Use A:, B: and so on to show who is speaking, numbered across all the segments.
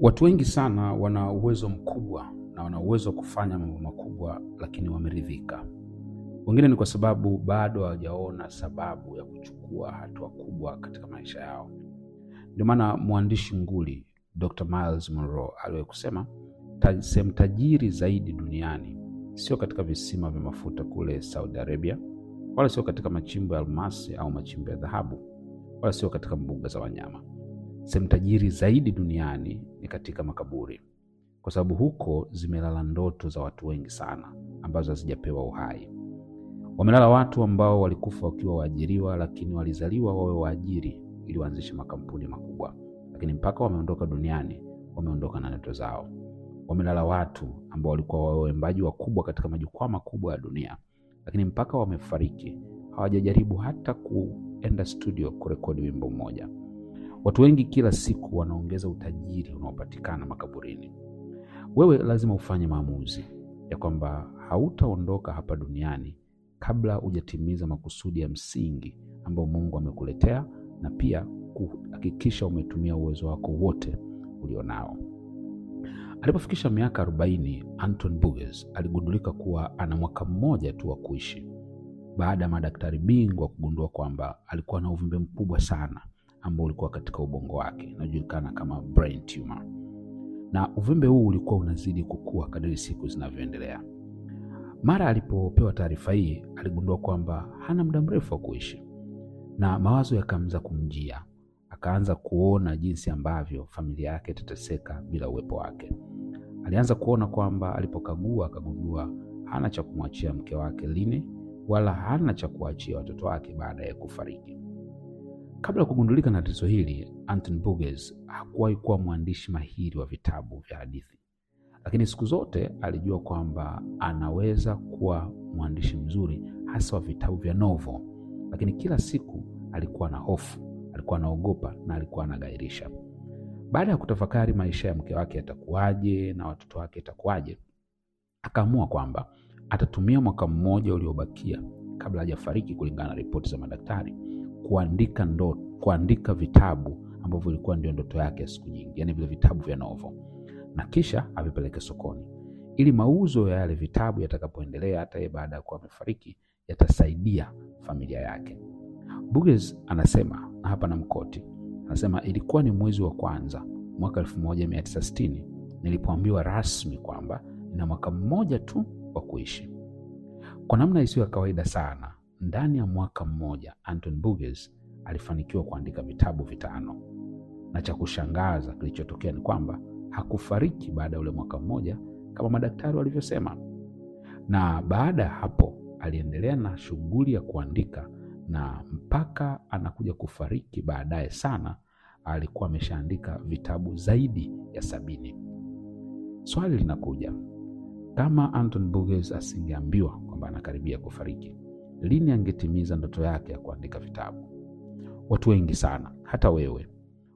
A: Watu wengi sana wana uwezo mkubwa na wana uwezo wa kufanya mambo makubwa, lakini wameridhika. Wengine ni kwa sababu bado hawajaona sababu ya kuchukua hatua kubwa katika maisha yao. Ndio maana mwandishi nguli Dr. Miles Monroe aliwahi kusema sehemu tajiri zaidi duniani sio katika visima vya mafuta kule Saudi Arabia, wala sio katika machimbo ya almasi au machimbo ya dhahabu, wala sio katika mbuga za wanyama sehemu tajiri zaidi duniani ni katika makaburi, kwa sababu huko zimelala ndoto za watu wengi sana ambazo hazijapewa uhai. Wamelala watu ambao walikufa wakiwa waajiriwa, lakini walizaliwa wawe waajiri ili waanzishe makampuni makubwa, lakini mpaka wameondoka duniani, wameondoka na ndoto zao. Wamelala watu ambao walikuwa waembaji wakubwa katika majukwaa makubwa ya dunia, lakini mpaka wamefariki hawajajaribu hata kuenda studio kurekodi wimbo mmoja. Watu wengi kila siku wanaongeza utajiri unaopatikana makaburini. Wewe lazima ufanye maamuzi ya kwamba hautaondoka hapa duniani kabla hujatimiza makusudi ya msingi ambayo Mungu amekuletea na pia kuhakikisha umetumia uwezo wako wote ulionao. Alipofikisha miaka 40, Anton Buges aligundulika kuwa ana mwaka mmoja tu wa kuishi baada ya madaktari bingwa kugundua kwamba alikuwa na uvimbe mkubwa sana ambao ulikuwa katika ubongo wake, unajulikana kama brain tumor, na uvimbe huu ulikuwa unazidi kukua kadiri siku zinavyoendelea. Mara alipopewa taarifa hii, aligundua kwamba hana muda mrefu wa kuishi, na mawazo yakaanza kumjia. Akaanza kuona jinsi ambavyo familia yake itateseka bila uwepo wake. Alianza kuona kwamba alipokagua, akagundua hana cha kumwachia mke wake Line, wala hana cha kuachia watoto wake baada ya kufariki. Kabla ya kugundulika na tatizo hili, Anton Burgess hakuwahi kuwa mwandishi mahiri wa vitabu vya hadithi, lakini siku zote alijua kwamba anaweza kuwa mwandishi mzuri hasa wa vitabu vya novo. lakini kila siku alikuwa na hofu, alikuwa anaogopa na alikuwa anagairisha. Baada ya kutafakari maisha ya mke wake yatakuwaje na watoto wake yatakuwaje, akaamua kwamba atatumia mwaka mmoja uliobakia kabla hajafariki, kulingana na ripoti za madaktari kuandika ndo, kuandika vitabu ambavyo ilikuwa ndio ndoto yake siku nyingi, yani vile vitabu vya novo, na kisha avipeleke sokoni ili mauzo ya yale vitabu yatakapoendelea hata yeye baada ya kuwa amefariki yatasaidia familia yake. Burgess anasema na hapa na mkoti anasema ilikuwa ni mwezi wa kwanza mwaka 1960 nilipoambiwa rasmi kwamba nina mwaka mmoja tu wa kuishi. Kwa namna isiyo ya kawaida sana ndani ya mwaka mmoja, Anton Burgess alifanikiwa kuandika vitabu vitano, na cha kushangaza kilichotokea ni kwamba hakufariki baada ya ule mwaka mmoja kama madaktari walivyosema, na baada ya hapo aliendelea na shughuli ya kuandika na mpaka anakuja kufariki baadaye sana, alikuwa ameshaandika vitabu zaidi ya sabini. Swali linakuja, kama Anton Burgess asingeambiwa kwamba anakaribia kufariki, lini angetimiza ndoto yake ya kuandika vitabu. Watu wengi sana, hata wewe,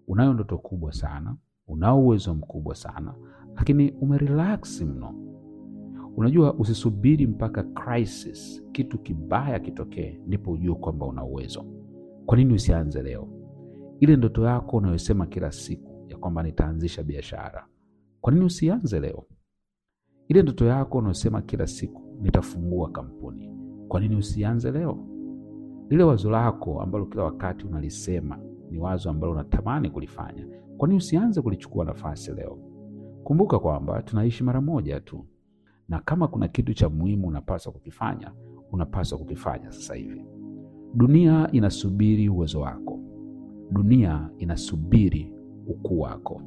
A: unayo ndoto kubwa sana, unao uwezo mkubwa sana, lakini umerelax mno. Unajua, usisubiri mpaka crisis, kitu kibaya kitokee, ndipo ujue kwamba una uwezo. Kwa nini usianze leo? Ile ndoto yako unayosema kila siku ya kwamba nitaanzisha biashara, kwa nini usianze leo? Ile ndoto yako unayosema kila siku, nitafungua kampuni kwa nini usianze leo? Lile wazo lako ambalo kila wakati unalisema ni wazo ambalo unatamani kulifanya, kwa nini usianze kulichukua nafasi leo? Kumbuka kwamba tunaishi mara moja tu, na kama kuna kitu cha muhimu unapaswa kukifanya, unapaswa kukifanya sasa hivi. Dunia inasubiri uwezo wako, dunia inasubiri ukuu wako,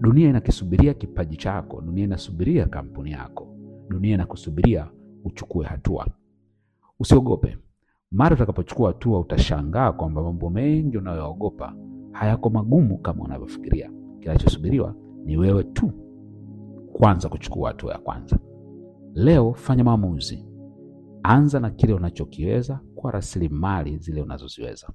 A: dunia inakisubiria kipaji chako, dunia inasubiria kampuni yako, dunia inakusubiria uchukue hatua. Usiogope. Mara utakapochukua hatua, utashangaa kwamba mambo mengi unayoogopa hayako magumu kama unavyofikiria. Kinachosubiriwa ni wewe tu kwanza kuchukua hatua ya kwanza. Leo fanya maamuzi, anza na kile unachokiweza kwa rasilimali zile unazoziweza.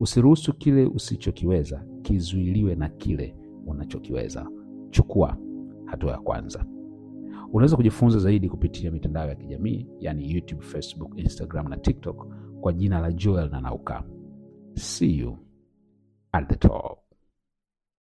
A: Usiruhusu kile usichokiweza kizuiliwe na kile unachokiweza. Chukua hatua ya kwanza. Unaweza kujifunza zaidi kupitia mitandao ya kijamii yani YouTube, Facebook, Instagram na TikTok kwa jina la Joel nauka See you at the top.